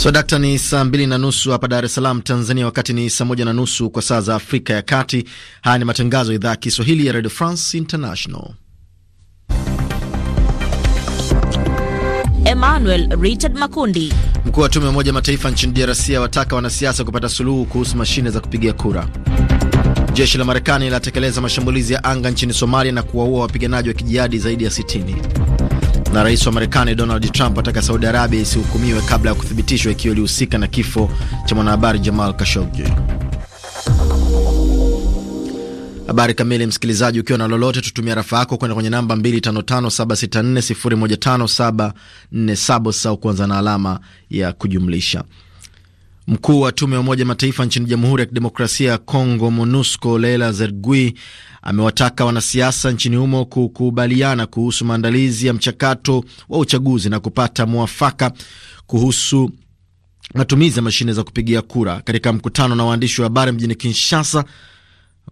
So dakta, ni saa mbili na nusu hapa Dar es Salaam, Tanzania, wakati ni saa moja na nusu kwa saa za Afrika ya Kati. Haya ni matangazo ya idhaa ya Kiswahili ya Radio France International. Emmanuel Richard Makundi. Mkuu wa tume ya Umoja Mataifa nchini DRC awataka wanasiasa kupata suluhu kuhusu mashine za kupigia kura. Jeshi la Marekani linatekeleza mashambulizi ya anga nchini Somalia na kuwaua wapiganaji wa kijihadi zaidi ya 60. Na rais wa Marekani Donald Trump ataka Saudi Arabia isihukumiwe kabla ya kuthibitishwa ikiwa ilihusika na kifo cha mwanahabari Jamal Khashoggi. Habari kamili, msikilizaji, ukiwa na lolote, tutumia rafa yako kwenda kwenye namba 255764015747 au kuanza na alama ya kujumlisha. Mkuu wa tume ya Umoja Mataifa nchini Jamhuri ya Kidemokrasia ya Kongo, MONUSCO, Leila Zergui amewataka wanasiasa nchini humo kukubaliana kuhusu maandalizi ya mchakato wa uchaguzi na kupata mwafaka kuhusu matumizi ya mashine za kupigia kura. Katika mkutano na waandishi wa habari mjini Kinshasa,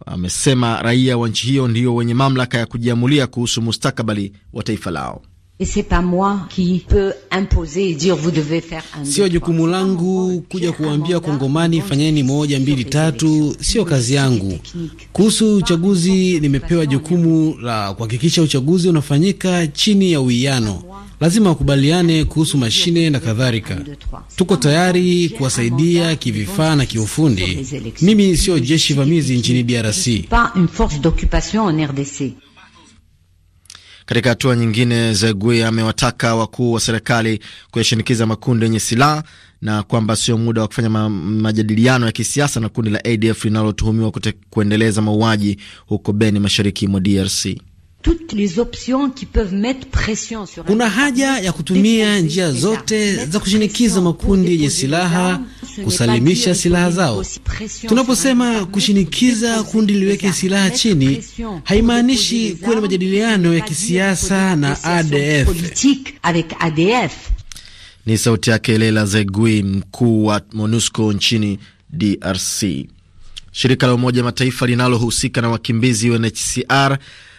amesema raia wa nchi hiyo ndio wenye mamlaka ya kujiamulia kuhusu mustakabali wa taifa lao. Sio jukumu langu kuja kuambia Kongomani fanyeni moja mbili tatu, sio kazi yangu. Kuhusu uchaguzi, nimepewa jukumu la kuhakikisha uchaguzi unafanyika chini ya uwiano. Lazima wakubaliane kuhusu mashine na kadhalika. Tuko tayari kuwasaidia kivifaa na kiufundi. Mimi sio jeshi vamizi nchini DRC. Katika hatua nyingine, zegui amewataka wakuu wa serikali kuyashinikiza makundi yenye silaha na kwamba sio muda wa kufanya ma majadiliano ya kisiasa na kundi la ADF linalotuhumiwa kuendeleza mauaji huko Beni, mashariki mwa DRC. Kuna haja ya kutumia njia zote za kushinikiza makundi yenye silaha kusalimisha silaha zao. Tunaposema kushinikiza kundi liweke silaha chini, haimaanishi kuwe na majadiliano ya kisiasa na ADF. Ni sauti yake Lela Zegui, mkuu wa MONUSCO nchini DRC. Shirika la Umoja Mataifa linalohusika na wakimbizi UNHCR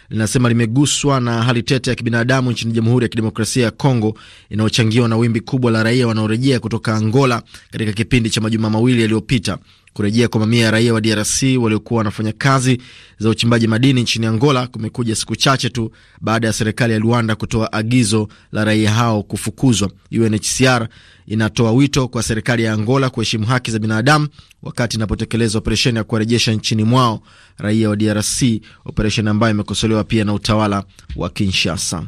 linasema limeguswa na hali tete ya kibinadamu nchini Jamhuri ya Kidemokrasia ya Kongo inayochangiwa na wimbi kubwa la raia wanaorejea kutoka Angola katika kipindi cha majuma mawili yaliyopita. Kurejea kwa mamia ya raia wa DRC waliokuwa wanafanya kazi za uchimbaji madini nchini Angola kumekuja siku chache tu baada ya serikali ya Luanda kutoa agizo la raia hao kufukuzwa. UNHCR inatoa wito kwa serikali ya Angola kuheshimu haki za binadamu wakati inapotekeleza operesheni ya kuwarejesha nchini mwao raia wa DRC, operesheni ambayo imekosolewa pia na utawala wa Kinshasa.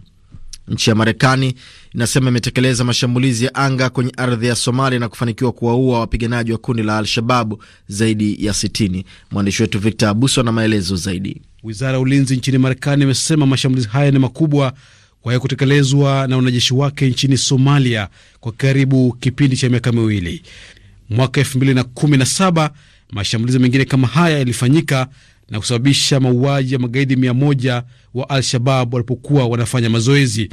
Nchi ya Marekani inasema imetekeleza mashambulizi ya anga kwenye ardhi ya Somalia na kufanikiwa kuwaua wapiganaji wa kundi la Al-Shababu zaidi ya 60. Mwandishi wetu Victor Abuso na maelezo zaidi. Wizara ya ulinzi nchini Marekani imesema mashambulizi haya ni makubwa kwa ya kutekelezwa na wanajeshi wake nchini Somalia kwa karibu kipindi cha miaka miwili. Mwaka 2017 mashambulizi mengine kama haya yalifanyika na kusababisha mauaji ya magaidi mia moja wa Al-Shabab walipokuwa wanafanya mazoezi.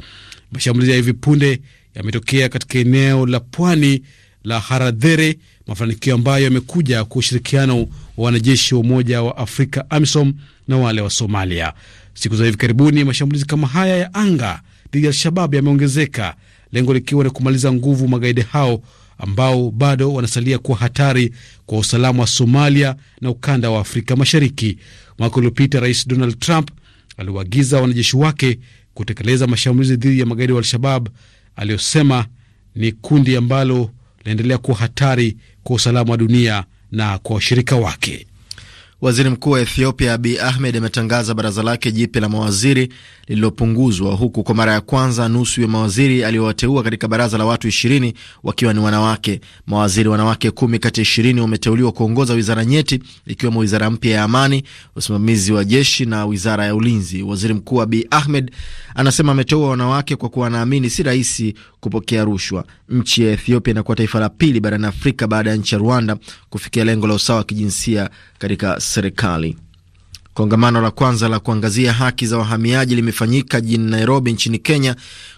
Mashambulizi ya hivi punde yametokea katika eneo la pwani la Haradhere, mafanikio ambayo yamekuja kwa ushirikiano wa wanajeshi wa Umoja wa Afrika AMISOM na wale wa Somalia. Siku za hivi karibuni mashambulizi kama haya ya anga dhidi ya Al-Shabab yameongezeka, lengo likiwa ni kumaliza nguvu magaidi hao ambao bado wanasalia kuwa hatari kwa usalama wa Somalia na ukanda wa Afrika Mashariki. Mwaka uliopita Rais Donald Trump aliwaagiza wanajeshi wake kutekeleza mashambulizi dhidi ya magaidi wa Al-Shabab aliyosema ni kundi ambalo linaendelea kuwa hatari kwa usalama wa dunia na kwa washirika wake. Waziri mkuu wa Ethiopia abi Ahmed ametangaza baraza lake jipya la mawaziri lililopunguzwa, huku kwa mara ya kwanza nusu ya mawaziri aliyowateua katika baraza la watu ishirini wakiwa ni wanawake. Mawaziri wanawake kumi kati ya ishirini wameteuliwa kuongoza wizara nyeti, ikiwemo wizara mpya ya amani, usimamizi wa jeshi na wizara ya ulinzi. Waziri mkuu abi Ahmed anasema ameteua wanawake kwa kuwa anaamini si rahisi kupokea rushwa. Nchi ya Ethiopia inakuwa taifa la pili barani Afrika baada ya nchi ya Rwanda kufikia lengo la usawa wa kijinsia katika serikali. Kongamano la kwanza la kuangazia haki za wahamiaji limefanyika jijini Nairobi nchini Kenya,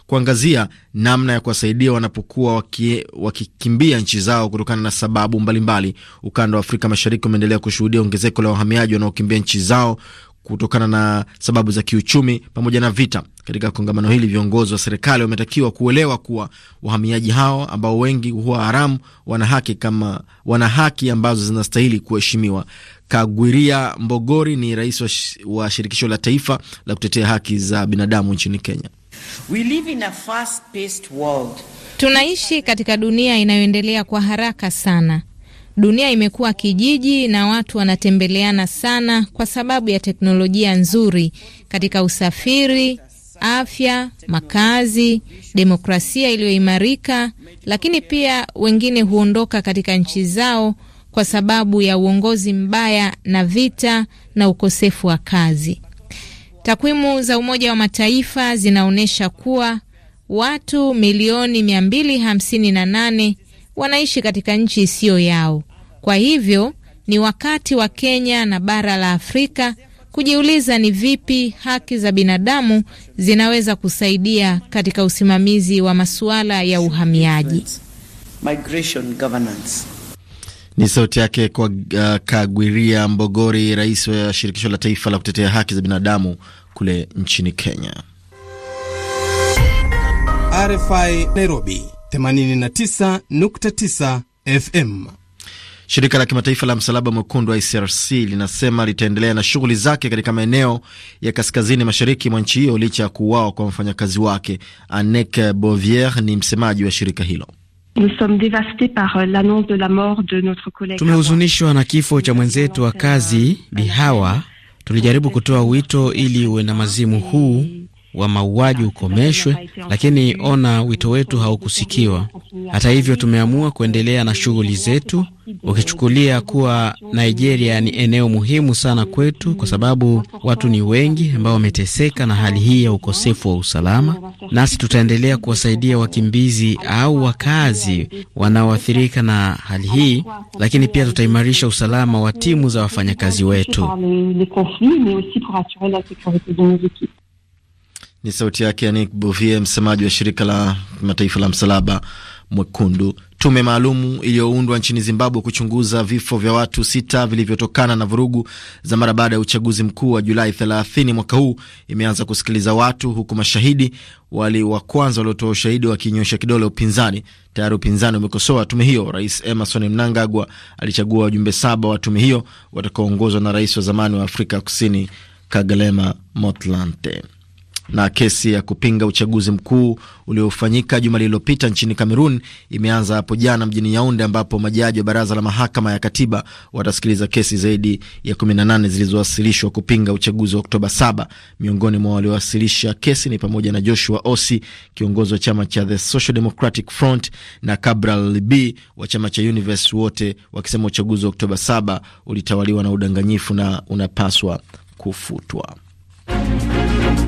kuangazia namna ya kuwasaidia wanapokuwa waki, wakikimbia nchi zao kutokana na sababu mbalimbali. Ukanda wa Afrika Mashariki umeendelea kushuhudia ongezeko la wahamiaji wanaokimbia nchi zao kutokana na sababu za kiuchumi pamoja na vita. Katika kongamano hili, viongozi wa serikali wametakiwa kuelewa kuwa wahamiaji hao ambao wengi huwa haramu wana haki kama wana haki ambazo zinastahili kuheshimiwa. Kagwiria Mbogori ni rais wa, sh wa shirikisho la taifa la kutetea haki za binadamu nchini Kenya. We live in a fast-paced world. Tunaishi katika dunia inayoendelea kwa haraka sana Dunia imekuwa kijiji na watu wanatembeleana sana kwa sababu ya teknolojia nzuri katika usafiri, afya, makazi, demokrasia iliyoimarika, lakini pia wengine huondoka katika nchi zao kwa sababu ya uongozi mbaya na vita na ukosefu wa kazi. Takwimu za Umoja wa Mataifa zinaonyesha kuwa watu milioni 258 wanaishi katika nchi isiyo yao. Kwa hivyo ni wakati wa Kenya na bara la Afrika kujiuliza ni vipi haki za binadamu zinaweza kusaidia katika usimamizi wa masuala ya uhamiaji. Ni sauti yake kwa uh, Kagwiria Mbogori, rais wa shirikisho la taifa la kutetea haki za binadamu kule nchini Kenya. RFI Nairobi 89.9 FM. Shirika la kimataifa la msalaba mwekundu ICRC linasema litaendelea na shughuli zake katika maeneo ya kaskazini mashariki mwa nchi hiyo licha ya kuuawa kwa mfanyakazi wake. Anek Bovier ni msemaji wa shirika hilo. Euh, Tumehuzunishwa na kifo cha mwenzetu wa kazi Bihawa. Tulijaribu kutoa wito ili uwe na mazimu huu wa mauaji ukomeshwe, lakini ona, wito wetu haukusikiwa. Hata hivyo, tumeamua kuendelea na shughuli zetu, ukichukulia kuwa Nigeria ni eneo muhimu sana kwetu, kwa sababu watu ni wengi ambao wameteseka na hali hii ya ukosefu wa usalama, nasi tutaendelea kuwasaidia wakimbizi au wakazi wanaoathirika na hali hii, lakini pia tutaimarisha usalama wa timu za wafanyakazi wetu. Ni sauti yake Yanik Bovie, msemaji wa shirika la kimataifa la msalaba mwekundu. Tume maalumu iliyoundwa nchini Zimbabwe kuchunguza vifo vya watu sita vilivyotokana na vurugu za mara baada ya uchaguzi mkuu wa Julai 30 mwaka huu imeanza kusikiliza watu, huku mashahidi wali wa kwanza waliotoa ushahidi wakinyosha kidole upinzani. Tayari upinzani umekosoa tume hiyo. Rais Emerson Mnangagwa alichagua wajumbe saba wa tume hiyo watakaoongozwa na rais wa zamani wa Afrika Kusini Kagalema Motlanthe na kesi ya kupinga uchaguzi mkuu uliofanyika juma lililopita nchini Kamerun imeanza hapo jana mjini Yaunde, ambapo majaji wa baraza la mahakama ya katiba watasikiliza kesi zaidi ya 18 zilizowasilishwa kupinga uchaguzi wa Oktoba 7. Miongoni mwa waliowasilisha kesi ni pamoja na Joshua Osi, kiongozi wa chama cha The Social Democratic Front na Cabral Libi wa chama cha Universe, wote wakisema uchaguzi wa Oktoba 7 ulitawaliwa na udanganyifu na unapaswa kufutwa.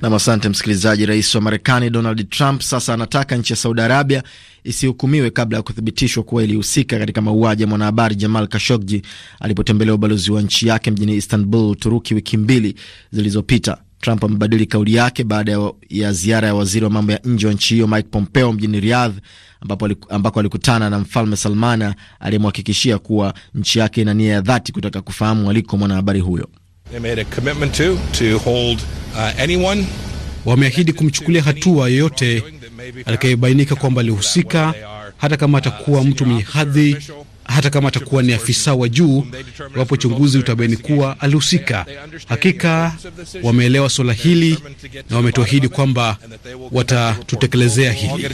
Nam, asante msikilizaji. Rais wa Marekani Donald Trump sasa anataka nchi ya Saudi Arabia isihukumiwe kabla ya kuthibitishwa kuwa ilihusika katika mauaji ya mwanahabari Jamal Kashoggi alipotembelea ubalozi wa nchi yake mjini Istanbul, uturuki wiki mbili zilizopita. Trump amebadili kauli yake baada ya ziara ya waziri wa mambo ya nje wa nchi hiyo Mike Pompeo mjini Riyadh, ambako alikutana na mfalme Salmana aliyemhakikishia kuwa nchi yake ina nia ya dhati kutaka kufahamu aliko mwanahabari huyo. Uh, Wameahidi kumchukulia hatua yoyote atakayebainika kwamba alihusika, hata kama atakuwa mtu mwenye hadhi, hata kama atakuwa ni afisa wa juu, iwapo uchunguzi utabaini kuwa alihusika. Hakika wameelewa suala hili na wametuahidi kwamba watatutekelezea hili.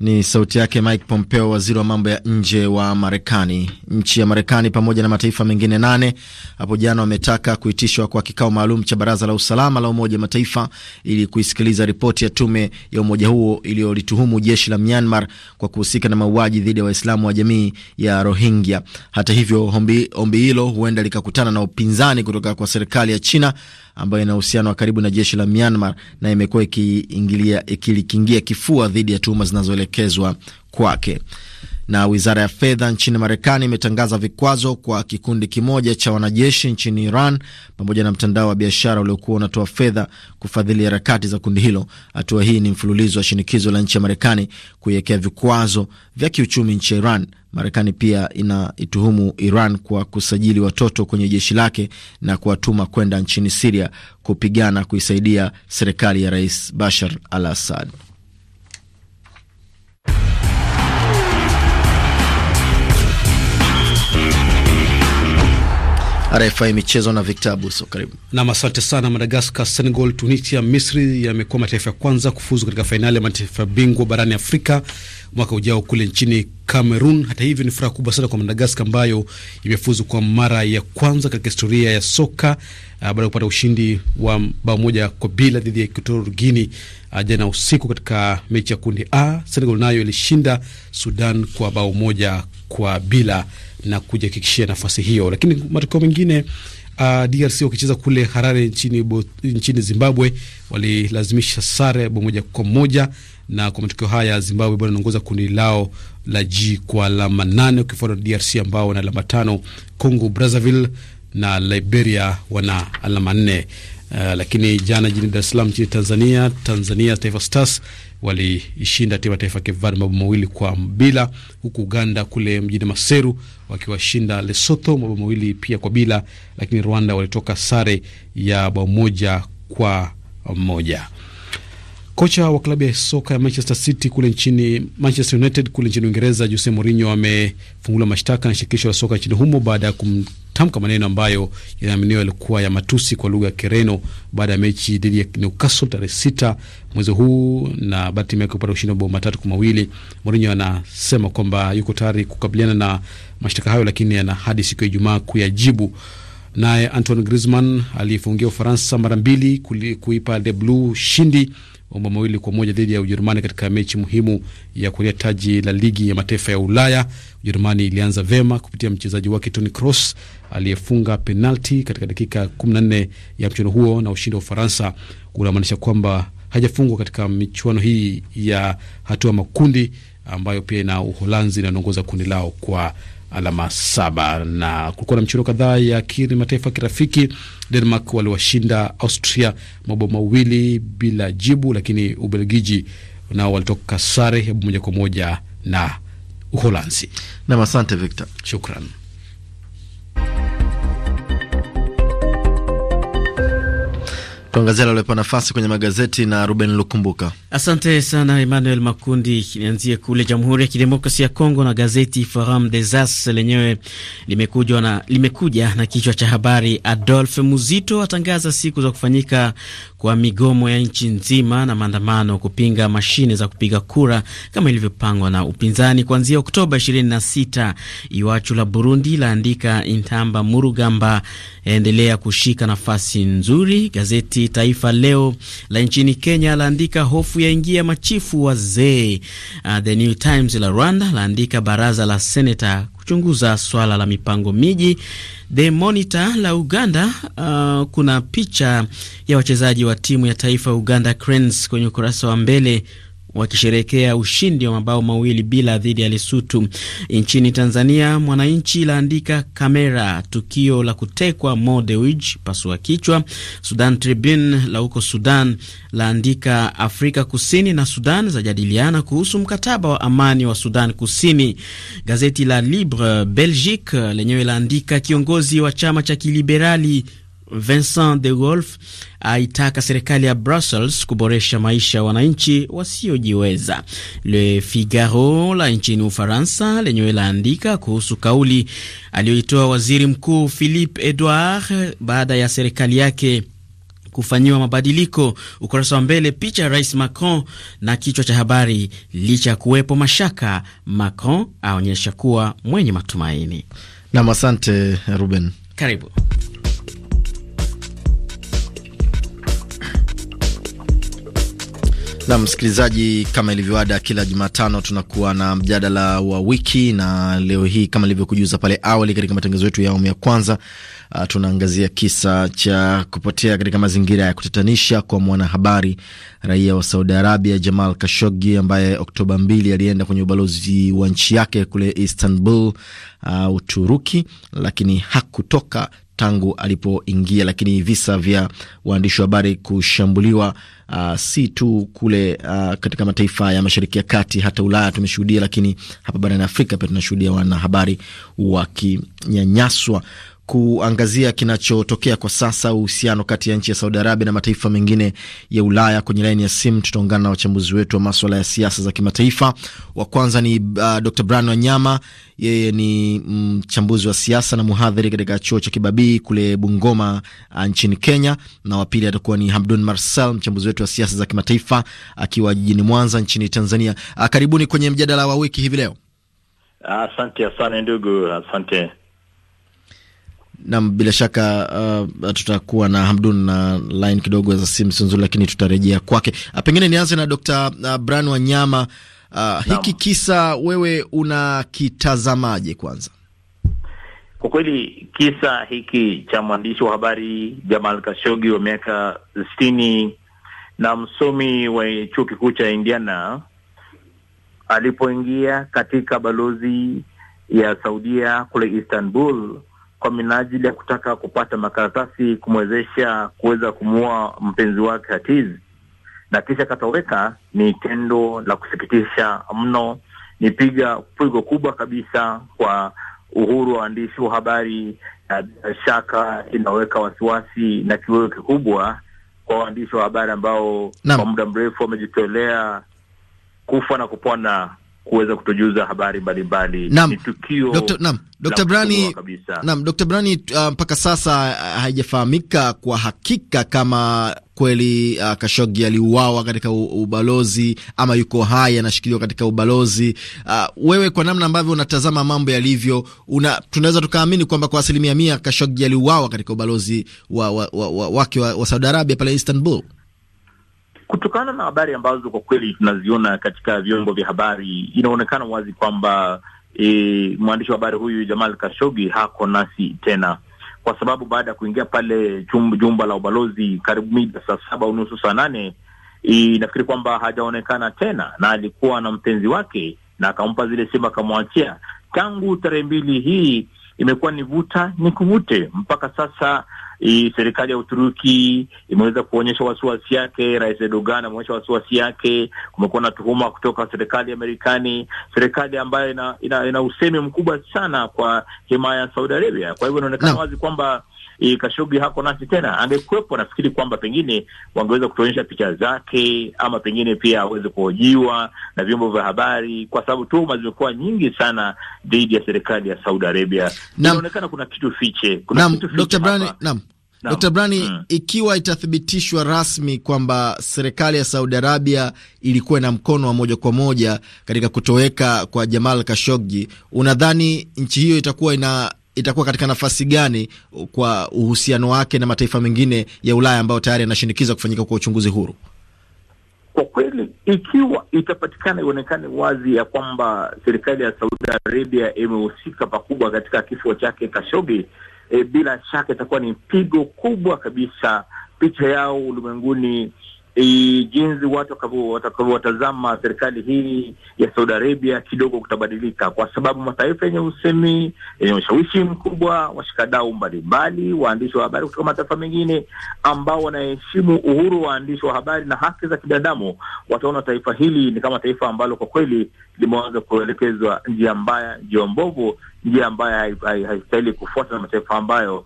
Ni sauti yake Mike Pompeo, waziri wa mambo ya nje wa Marekani. Nchi ya Marekani pamoja na mataifa mengine nane hapo jana wametaka kuitishwa kwa kikao maalum cha Baraza la Usalama la Umoja wa Mataifa ili kuisikiliza ripoti ya tume ya umoja huo iliyolituhumu jeshi la Myanmar kwa kuhusika na mauaji dhidi ya Waislamu wa jamii ya Rohingya. Hata hivyo, ombi hilo huenda likakutana na upinzani kutoka kwa serikali ya China ambayo ina uhusiano wa karibu na jeshi la Myanmar na imekuwa ikilikingia kifua dhidi ya tuhuma zinazoelekezwa kwake. Na wizara ya fedha nchini Marekani imetangaza vikwazo kwa kikundi kimoja cha wanajeshi nchini Iran pamoja na mtandao wa biashara uliokuwa unatoa fedha kufadhili harakati za kundi hilo. Hatua hii ni mfululizo wa shinikizo la nchi ya Marekani kuiwekea vikwazo vya kiuchumi nchi ya Iran. Marekani pia inaituhumu Iran kwa kusajili watoto kwenye jeshi lake na kuwatuma kwenda nchini Siria kupigana kuisaidia serikali ya Rais Bashar al Assad. RFI michezo na Victor Abuso, karibu. Nam, asante sana. Madagascar, Senegal, Tunisia, Misri yamekuwa mataifa ya kwanza kufuzu katika fainali ya mataifa bingwa barani Afrika mwaka ujao kule nchini Cameroon. Hata hivyo, ni furaha kubwa sana kwa Madagascar ambayo imefuzu kwa mara ya kwanza katika historia ya soka uh, baada ya kupata ushindi wa bao moja kwa bila dhidi ya Equatorial Guinea uh, jana usiku katika mechi ya kundi A. Senegal nayo ilishinda Sudan kwa bao moja kwa bila na kujihakikishia nafasi hiyo. Lakini matokeo mengine uh, DRC wakicheza kule Harare nchini, bo, nchini Zimbabwe walilazimisha sare bao moja kwa moja, na kwa matokeo haya Zimbabwe bado inaongoza kundi lao la G kwa alama nane ukifuatwa na DRC ambao wana alama tano, Congo Brazzaville na Liberia wana alama nne. Uh, lakini jana jijini Dar es Salaam nchini Tanzania, Tanzania Taifa Stars waliishinda timu ya taifa Cape Verde mabao mawili kwa bila, huku Uganda kule mjini Maseru wakiwashinda Lesotho mabao mawili pia kwa bila, lakini Rwanda walitoka sare ya bao moja kwa moja. Kocha wa klabu ya soka ya Manchester City kule nchini Manchester United kule nchini Uingereza, Jose Mourinho amefungula mashtaka na shirikisho la soka nchini humo baada ya kumtamka maneno ambayo yanaaminiwa yalikuwa ya matusi kwa lugha ya Kireno baada ya mechi dhidi ya Newcastle tarehe sita mwezi huu, na baada timu yake kupata ushindi wa bao matatu kwa mawili. Mourinho anasema kwamba yuko tayari kukabiliana na mashtaka hayo, lakini ana hadi siku ya Ijumaa kuyajibu. Naye Antoine Griezmann alifungia Ufaransa mara mbili kuipa De Blue shindi mabao mawili kwa moja dhidi ya Ujerumani katika mechi muhimu ya kulia taji la ligi ya mataifa ya Ulaya. Ujerumani ilianza vema kupitia mchezaji wake Toni Kroos aliyefunga penalti katika dakika 14 ya mchuano huo, na ushindi wa Ufaransa unamaanisha kwamba hajafungwa katika michuano hii ya hatua makundi ambayo pia ina Uholanzi inaongoza kundi lao kwa alama saba. Na kulikuwa na michuano kadhaa ya kimataifa kirafiki. Denmark waliwashinda Austria mabao mawili bila jibu, lakini Ubelgiji nao walitoka sare moja kwa moja na Uholanzi. Nam, asante Victor, shukran. Tuangazia lalopewa nafasi kwenye magazeti na Ruben Lukumbuka. Asante sana Emmanuel Makundi. Nianzie kule Jamhuri ya kidemokrasi ya Kongo na gazeti Forum des As lenyewe limekuja na, limekuja na kichwa cha habari Adolphe Muzito atangaza siku za kufanyika kwa migomo ya nchi nzima na maandamano kupinga mashine za kupiga kura kama ilivyopangwa na upinzani kuanzia Oktoba 26. Iwachu la Burundi laandika Intamba Murugamba endelea kushika nafasi nzuri. Gazeti Alhamisi, Taifa Leo la nchini Kenya laandika hofu ya ingia machifu wazee. Uh, The New Times la Rwanda laandika baraza la seneta kuchunguza swala la mipango miji. The Monitor la Uganda, uh, kuna picha ya wachezaji wa timu ya taifa Uganda Cranes kwenye ukurasa wa mbele wakisherekea ushindi wa mabao mawili bila dhidi ya Lesutu. Nchini Tanzania, Mwananchi laandika kamera tukio la kutekwa Mo Dewji pasua kichwa. Sudan Tribune la huko Sudan laandika Afrika Kusini na Sudan zajadiliana kuhusu mkataba wa amani wa Sudan Kusini. Gazeti la Libre Belgique lenyewe laandika kiongozi wa chama cha kiliberali Vincent de Wolf aitaka serikali ya Brussels kuboresha maisha ya wananchi wasiojiweza. Le Figaro la nchini Ufaransa lenyewe laandika kuhusu kauli aliyoitoa waziri mkuu Philippe Edouard baada ya serikali yake kufanyiwa mabadiliko. Ukurasa wa mbele picha ya rais Macron na kichwa cha habari, licha ya kuwepo mashaka, Macron aonyesha kuwa mwenye matumaini. Nam, asante Ruben. Karibu. Na msikilizaji, kama ilivyoada, kila Jumatano tunakuwa na mjadala wa wiki, na leo hii kama ilivyokujuza pale awali katika matangazo yetu ya awamu ya kwanza, uh, tunaangazia kisa cha kupotea katika mazingira ya kutatanisha kwa mwanahabari raia wa Saudi Arabia Jamal kashogi ambaye Oktoba mbili alienda kwenye ubalozi wa nchi yake kule Istanbul, uh, Uturuki, lakini hakutoka tangu alipoingia, lakini visa vya waandishi wa habari kushambuliwa uh, si tu kule uh, katika mataifa ya Mashariki ya Kati, hata Ulaya tumeshuhudia, lakini hapa barani Afrika pia tunashuhudia wanahabari wakinyanyaswa kuangazia kinachotokea kwa sasa, uhusiano kati ya nchi ya Saudi Arabia na mataifa mengine ya Ulaya. Kwenye laini ya simu tutaungana na wachambuzi wetu wa maswala ya siasa za kimataifa. Wa kwanza ni uh, Dr Brian Wanyama, yeye ni mchambuzi mm, wa siasa na mhadhiri katika chuo cha Kibabii kule Bungoma, uh, nchini Kenya, na wa pili atakuwa ni Hamdun Marsal, mchambuzi wetu wa siasa za kimataifa akiwa jijini Mwanza nchini Tanzania. Uh, karibuni kwenye mjadala wa wiki hivi leo. Asante asante ndugu, asante Nam, bila shaka uh, tutakuwa na Hamdun na line kidogo za simu si nzuri, lakini tutarejea kwake. Ah, pengine nianze na Dr. Uh, Brian Wanyama. Uh, hiki kisa wewe unakitazamaje? Kwanza, kwa kweli kisa hiki cha mwandishi wa habari Jamal Kashogi wa miaka sitini na msomi wa chuo kikuu cha Indiana alipoingia katika balozi ya Saudia kule Istanbul kwa minajili ya kutaka kupata makaratasi kumwezesha kuweza kumuua mpenzi wake hatizi, na kisha akatoweka. Ni tendo la kusikitisha mno, ni piga pigo kubwa kabisa kwa uhuru wa waandishi wa habari, na bila shaka inaweka wasiwasi na kiwewe kikubwa kwa waandishi wa habari ambao kwa muda mrefu wamejitolea kufa na kupona kuweza kutujuza habari mbalimbali. Ni tukio Dr. Brani, naam Dr. Brani, uh, mpaka uh, sasa uh, haijafahamika kwa hakika kama kweli uh, Kashogi aliuawa katika ubalozi ama yuko hai anashikiliwa katika ubalozi. Uh, wewe kwa namna ambavyo unatazama mambo yalivyo, una, tunaweza tukaamini kwamba kwa asilimia mia Kashogi aliuawa katika ubalozi wa, wa, wa, wa, wake wa, wa Saudi Arabia pale Istanbul? Kutokana na habari ambazo kwa kweli tunaziona katika vyombo vya habari, inaonekana wazi kwamba e, mwandishi wa habari huyu Jamal Kashogi hako nasi tena, kwa sababu baada ya kuingia pale jumba la ubalozi karibu mida saa saba unusu saa nane inafikiri e, kwamba hajaonekana tena, na alikuwa na mpenzi wake na akampa zile simu akamwachia. Tangu tarehe mbili hii imekuwa ni vuta ni kuvute mpaka sasa serikali ya Uturuki imeweza kuonyesha wasiwasi yake. Rais Erdogan ameonyesha wasiwasi yake. Kumekuwa na tuhuma kutoka serikali ya Marekani, serikali ambayo ina, ina, ina usemi mkubwa sana kwa himaya ya Saudi Arabia. Kwa hivyo inaonekana no. wazi kwamba Kashogi hako nasi tena, angekuwepo nafikiri kwamba pengine wangeweza kutuonyesha picha zake, ama pengine pia aweze kuhojiwa na vyombo vya habari, kwa sababu tuhuma zimekuwa nyingi sana dhidi ya serikali ya Saudi Arabia. Inaonekana kuna kitu fiche, kuna kitu fiche naam. Dr. Brani, mm. Ikiwa itathibitishwa rasmi kwamba serikali ya Saudi Arabia ilikuwa na mkono wa moja kwa moja katika kutoweka kwa Jamal Khashoggi, unadhani nchi hiyo itakuwa ina itakuwa katika nafasi gani kwa uhusiano wake na mataifa mengine ya Ulaya ambayo tayari yanashinikiza kufanyika kwa uchunguzi huru? Kwa kweli, ikiwa itapatikana ionekane wazi ya kwamba serikali ya Saudi Arabia imehusika pakubwa katika kifo chake Kashogi, e, eh, bila shaka itakuwa ni pigo kubwa kabisa picha yao ulimwenguni e, jinsi watu watakavyowatazama serikali hii ya Saudi Arabia kidogo kutabadilika, kwa sababu mataifa yenye usemi yenye ushawishi mkubwa, washikadau mbalimbali, waandishi wa habari kutoka mataifa mengine ambao wanaheshimu uhuru wa waandishi wa habari na haki za kibinadamu, wataona taifa hili ni kama taifa ambalo kwa kweli limeanza kuelekezwa njia mbaya, njia mbovu njia ambayo haistahili kufuata na mataifa ambayo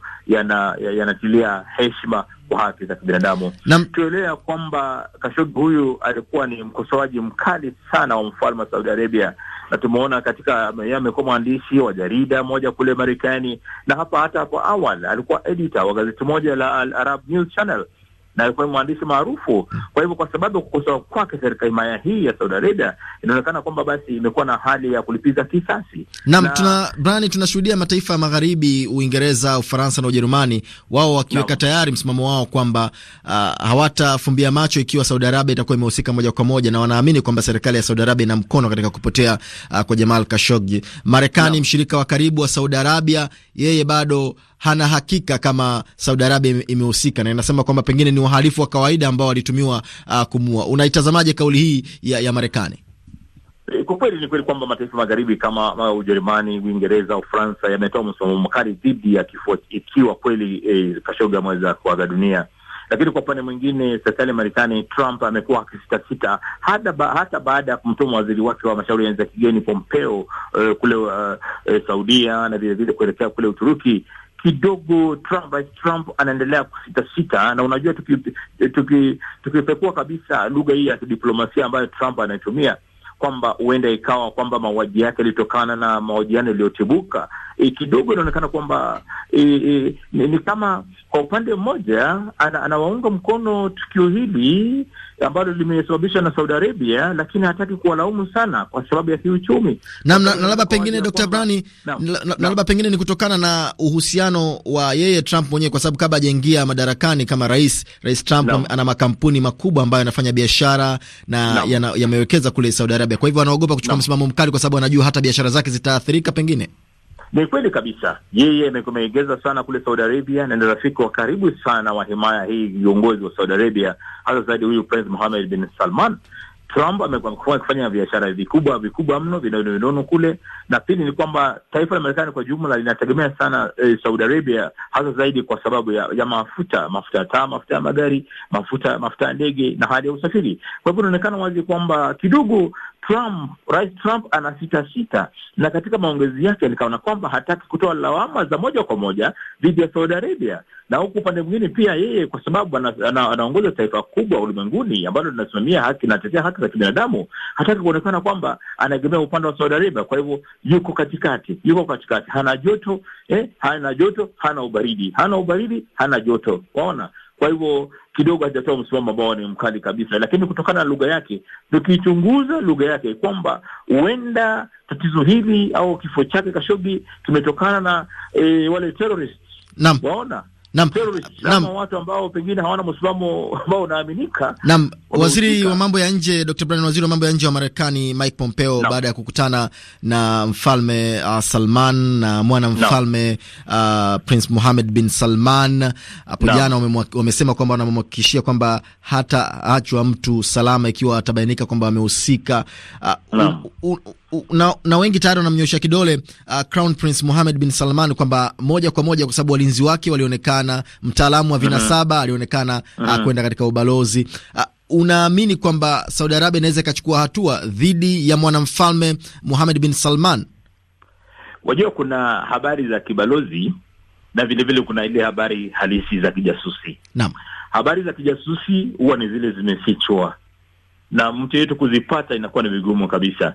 yanatilia ya heshima kwa haki za kibinadamu. Tuelewa kwamba Kashogi huyu alikuwa ni mkosoaji mkali sana wa mfalme wa Saudi Arabia, na tumeona katika yeye amekuwa mwandishi wa jarida moja kule Marekani, na hapa hata hapo awali alikuwa edita wa gazeti moja la Al Arab News Channel na alikuwa mwandishi maarufu. Kwa hivyo, kwa sababu ya kukosoa kwake katika himaya hii ya Saudi Arabia, inaonekana kwamba basi imekuwa na hali ya kulipiza kisasi. Naam, tuna brani, tunashuhudia mataifa ya magharibi, Uingereza, Ufaransa na Ujerumani, wao wakiweka tayari msimamo wao kwamba uh, hawatafumbia macho ikiwa Saudi Arabia itakuwa imehusika moja kwa moja, na wanaamini kwamba serikali ya Saudi Arabia ina mkono katika kupotea uh, kwa Jamal Khashoggi. Marekani, mshirika wa karibu wa Saudi Arabia, yeye bado hana hakika kama Saudi Arabia imehusika na inasema kwamba pengine ni wahalifu wa kawaida ambao walitumiwa uh, kumua. Unaitazamaje kauli hii ya, ya Marekani? Eh, kwa kweli ni kweli kwamba mataifa magharibi kama uh, Ujerumani, Uingereza, Ufaransa yametoa msimamo mkali dhidi ya kifo ikiwa kweli eh, Kashoga ameweza kuaga dunia lakini kwa upande mwingine serikali ya Marekani, Trump amekuwa akisitasita ba, hata baada ya kumtuma waziri wake wa mashauri ya nchi za kigeni Pompeo uh, kule uh, eh, Saudia na vilevile kuelekea kule Uturuki kidogo Trump, Trump anaendelea kusitasita, na unajua tukipekua tuki, tuki kabisa lugha hii ya kidiplomasia ambayo Trump anaitumia kwamba huenda ikawa kwamba mauaji yake yalitokana na mahojiano yaliyotibuka. E, kidogo inaonekana kwamba e, e, ni, ni kama kwa upande mmoja anawaunga ana mkono tukio hili ambalo limesababishwa na Saudi Arabia, lakini hataki kuwalaumu sana kwa sababu ya kiuchumi na, na, na labda pengine Dr. Brani na, na, na labda pengine ni kutokana na uhusiano wa yeye Trump mwenyewe, kwa sababu kabla hajaingia madarakani kama rais, Rais Trump na, ana makampuni makubwa ambayo yanafanya biashara na, na yamewekeza kule Saudi Arabia. Kwa hivyo anaogopa kuchukua msimamo mkali, kwa sababu anajua hata biashara zake zitaathirika pengine ni kweli kabisa, yeye amekumeegeza sana kule Saudi Arabia na ni rafiki wa karibu sana wa himaya hii, viongozi wa Saudi Arabia, hasa zaidi huyu Prince Mohammed bin Salman. Trump amekuwa akifanya biashara vikubwa vikubwa mno vinono kule, na pili ni kwamba taifa la Marekani kwa jumla linategemea sana eh, Saudi Arabia, hasa zaidi kwa sababu ya, ya mafuta mafuta ya taa, mafuta ya magari, mafuta mafuta ya ndege na hali ya usafiri. Kwa hivyo inaonekana wazi kwamba kidogo Trump, Rais Trump ana sita sita, na katika maongezi yake alikaona kwamba hataki kutoa lawama za moja kwa moja dhidi ya Saudi Arabia, na huku upande mwingine pia yeye kwa sababu anaongoza ana, ana taifa kubwa ulimwenguni ambalo linasimamia haki na tetea haki za kibinadamu, hataki kuonekana kwamba anaegemea upande wa Saudi Arabia. Kwa hivyo yuko katikati, yuko katikati, hana joto eh, hana joto, hana ubaridi, hana ubaridi, hana joto, waona kwa hivyo kidogo hajatoa msimamo ambao ni mkali kabisa, lakini kutokana na lugha yake, tukiichunguza lugha yake kwamba huenda tatizo hili au kifo chake Kashogi kimetokana na e, wale terrorists waona Nam, naam, watu ambao pengine hawana msimamo ambao unaaminika. Nam, waziri wa mambo ya nje Dr. Brian, waziri wa mambo ya nje wa Marekani Mike Pompeo naam, baada ya kukutana na mfalme uh, Salman na mwana mfalme uh, Prince Mohammed bin Salman hapo jana, wamesema kwamba wanamhakikishia kwamba hata achwa mtu salama ikiwa atabainika kwamba amehusika uh, na, na wengi tayari wanamnyosha kidole uh, Crown Prince Mohammed bin Salman kwamba moja kwa moja, kwa sababu walinzi wake walionekana, mtaalamu wa vinasaba mhm. alionekana -hmm. kwenda katika ubalozi uh, unaamini kwamba Saudi Arabia inaweza ikachukua hatua dhidi ya mwanamfalme Mohammed bin Salman? Wajua, kuna habari za kibalozi na vilevile vile kuna ile habari halisi za kijasusi. Naam, habari za kijasusi huwa ni zile zimefichwa na mtu yeyote kuzipata inakuwa ni vigumu kabisa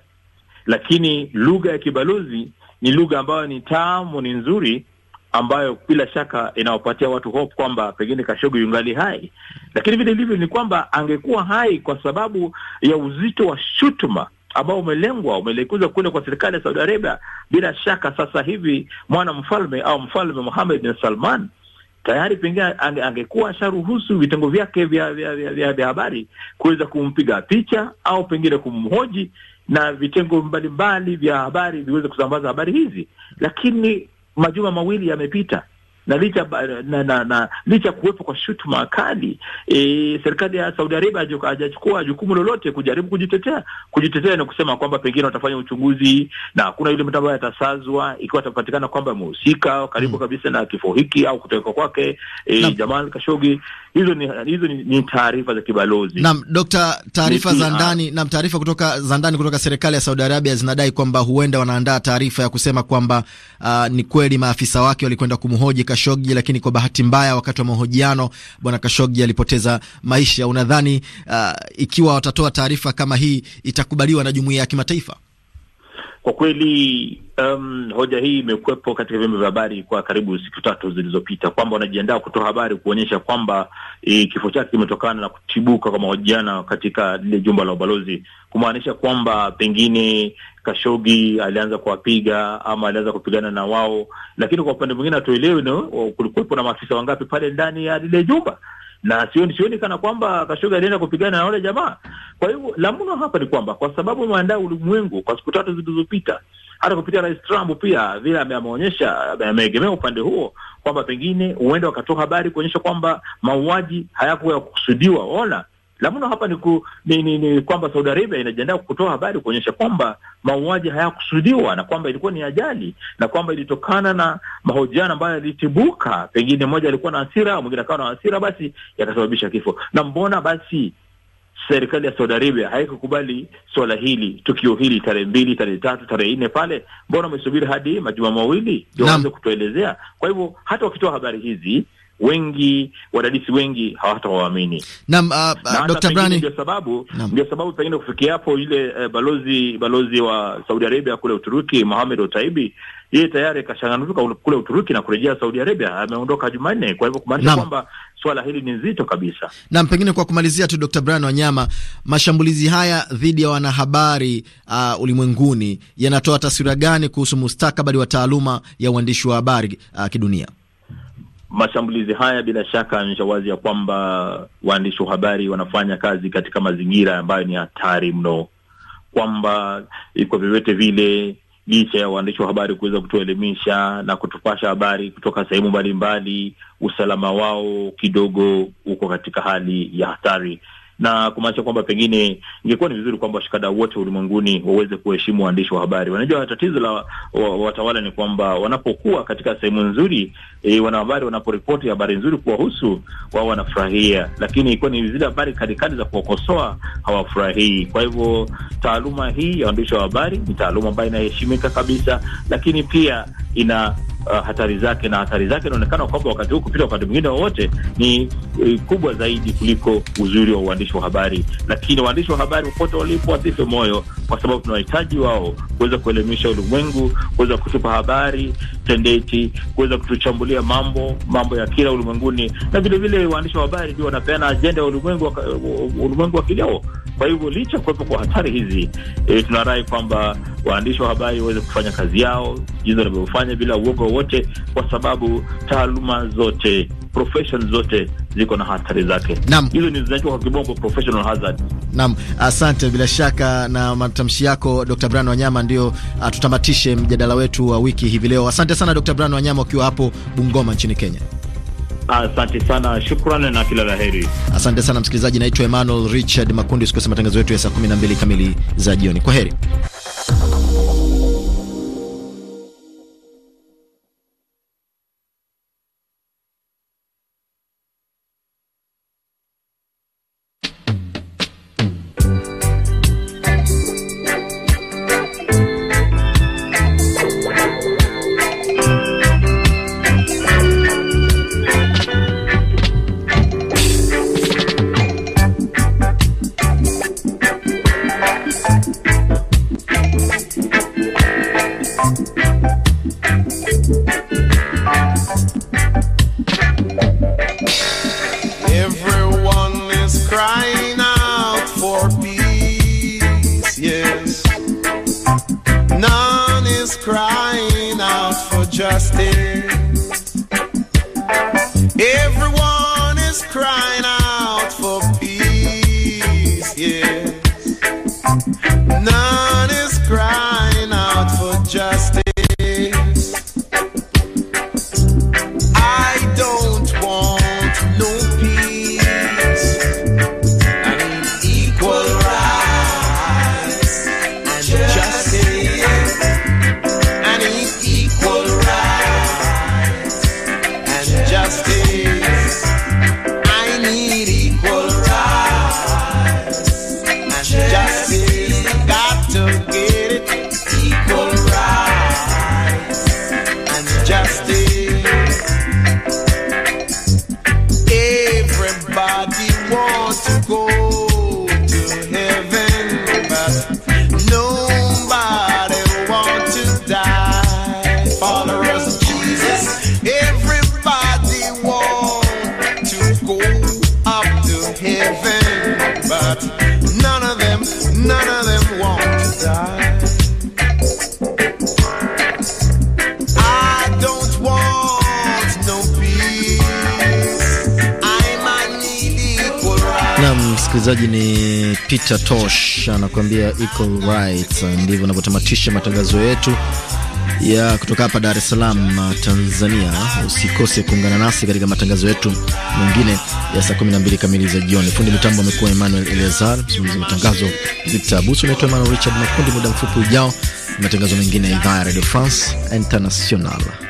lakini lugha ya kibalozi ni lugha ambayo ni tamu, ni nzuri, ambayo bila shaka inawapatia watu hope kwamba pengine Kashogo yungali hai. Lakini vile ilivyo ni kwamba angekuwa hai kwa sababu ya uzito wa shutuma ambao umelengwa umeelekezwa kule kwa serikali ya Saudi Arabia, bila shaka sasa hivi mwana mfalme au mfalme Muhammad bin Salman tayari pengine angekuwa asharuhusu vitengo vyake vya habari kuweza kumpiga picha au pengine kumhoji na vitengo mbalimbali vya habari viweze kusambaza habari hizi, lakini majuma mawili yamepita na licha na, na, na licha kuwepo kwa shutuma kali e, serikali ya Saudi Arabia hajachukua jukumu lolote kujaribu kujitetea. Kujitetea ni kusema kwamba pengine watafanya uchunguzi na hakuna yule mtu ambaye atasazwa ikiwa atapatikana kwamba amehusika karibu mm, kabisa na kifo hiki au kutoweka kwake e, Jamal Kashogi. Hizo ni, hizo ni, ni taarifa za kibalozi. Naam, Dokta, taarifa za ah, ndani naam, taarifa kutoka za ndani kutoka serikali ya Saudi Arabia zinadai kwamba huenda wanaandaa taarifa ya kusema kwamba uh, ni kweli maafisa wake walikwenda kumhoji Kashogi, lakini kwa bahati mbaya, wakati wa mahojiano bwana Kashogi alipoteza maisha. Unadhani uh, ikiwa watatoa taarifa kama hii itakubaliwa na jumuiya ya kimataifa? Kwa kweli um, hoja hii imekuwepo katika vyombo vya habari kwa karibu siku tatu zilizopita, kwamba wanajiandaa kutoa habari kuonyesha kwamba e, kifo chake kimetokana na kutibuka kwa mahojiano katika lile jumba la ubalozi, kumaanisha kwamba pengine Kashogi alianza kuwapiga ama alianza kupigana na wao, lakini kwa upande mwingine hatuelewi no, kulikuwepo na maafisa wangapi pale ndani ya lile jumba na sioni sioni kana kwamba Kashoga alienda kupigana na wale jamaa. Kwa hivyo la muno hapa ni kwamba kwa sababu ameandaa ulimwengu kwa siku tatu zilizopita, hata kupitia Rais Trump pia vile ameonyesha, ameegemea upande huo kwamba pengine huenda wakatoa habari kuonyesha kwamba mauaji hayakuwa ya kukusudiwa. Ona la muno hapa ni, ku, ni, ni, ni kwamba Saudi Arabia inajiandaa kutoa habari kuonyesha kwamba mauaji hayakusudiwa na kwamba ilikuwa ni ajali na kwamba ilitokana na mahojiano ambayo yalitibuka, pengine mmoja alikuwa na hasira, mwingine akawa na hasira, basi yakasababisha kifo. Na mbona basi serikali ya Saudi Arabia haikukubali swala hili, tukio hili, tarehe mbili, tarehe tatu, tarehe nne pale? Mbona wamesubiri hadi majuma mawili ndio waanze kutuelezea? Kwa hivyo hata wakitoa habari hizi wengi wadadisi wengi hawatawaamini. Naam, uh, uh, Dr. Brani, ndio sababu ndio sababu pengine kufikia hapo ile eh, balozi balozi wa Saudi Arabia kule Uturuki Mohamed Otaibi yeye tayari kashanganuka kule Uturuki na kurejea Saudi Arabia, ameondoka Jumanne. Kwa hivyo kumaanisha kwamba swala hili ni nzito kabisa. Naam, pengine kwa kumalizia tu, Dr. Brian Wanyama, mashambulizi haya dhidi ya wanahabari uh, ulimwenguni yanatoa taswira gani kuhusu mustakabali wa taaluma ya uandishi wa habari uh, kidunia? Mashambulizi haya bila shaka yanaonyesha wazi ya kwamba waandishi wa habari wanafanya kazi katika mazingira ambayo ni hatari mno, kwamba iko vyovyote vile, licha ya waandishi wa habari kuweza kutuelimisha na kutupasha habari kutoka sehemu mbalimbali, usalama wao kidogo uko katika hali ya hatari na kumaanisha kwamba pengine ingekuwa ni vizuri kwamba washikadau wote ulimwenguni waweze kuheshimu waandishi wa habari. Wanajua tatizo la watawala ni kwamba wanapokuwa katika sehemu nzuri e, wanahabari wanaporipoti habari nzuri kuwahusu wao wanafurahia, lakini ikuwa ni zile habari kalikali za kuwakosoa hawafurahii. Kwa hivyo taaluma hii ya waandishi wa habari ni taaluma ambayo inaheshimika kabisa, lakini pia ina uh, hatari zake na hatari zake inaonekana kwamba wakati huu kupita wakati mwingine wowote ni uh, kubwa zaidi kuliko uzuri wa uandishi wa habari. Lakini waandishi wa habari popote walipo, wasife moyo, kwa sababu tunawahitaji wao kuweza kuelimisha ulimwengu, kuweza kutupa habari tendeti kuweza kutuchambulia mambo mambo ya kila ulimwenguni, na vile vile waandishi wa habari ndio wanapeana ajenda ya ulimwengu ulimwengu wa kileo. Kwa hivyo licha kuwepo kwa hatari hizi e, tunarai kwamba waandishi wa habari waweze kufanya kazi yao jinsi wanavyofanya bila uoga wowote, kwa sababu taaluma zote profession zote ziko na hatari zake. Naam, hizo ni zinaitwa kwa kibongo professional hazard. Naam, asante bila shaka na matamshi yako Dr. Brian Wanyama, ndio ah, tutamatishe mjadala wetu wa wiki hivi leo. Asante sana Dr. Brian Wanyama ukiwa hapo Bungoma nchini Kenya. Asante sana, shukrani na kila la heri. Asante sana msikilizaji, naitwa Emmanuel Richard Makundi. Usikose matangazo yetu ya saa 12 kamili za jioni. Kwa heri. yes. None is crying out for justice. Everyone is crying out for peace, yes. None is crying. want to go. msikilizaji, ni Peter Tosh anakuambia Equal Rights. Ndivyo navyotamatisha matangazo yetu ya kutoka hapa Dar es Salaam, Tanzania. Usikose kuungana nasi katika matangazo yetu mengine ya saa 12 kamili za jioni. Fundi mitambo amekuwa Emmanuel eliazar msimamizi matangazo Victor Abuso. Naitwa Emmanuel Richard Makundi. Muda mfupi ujao, matangazo mengine ya idhaa ya Radio France International.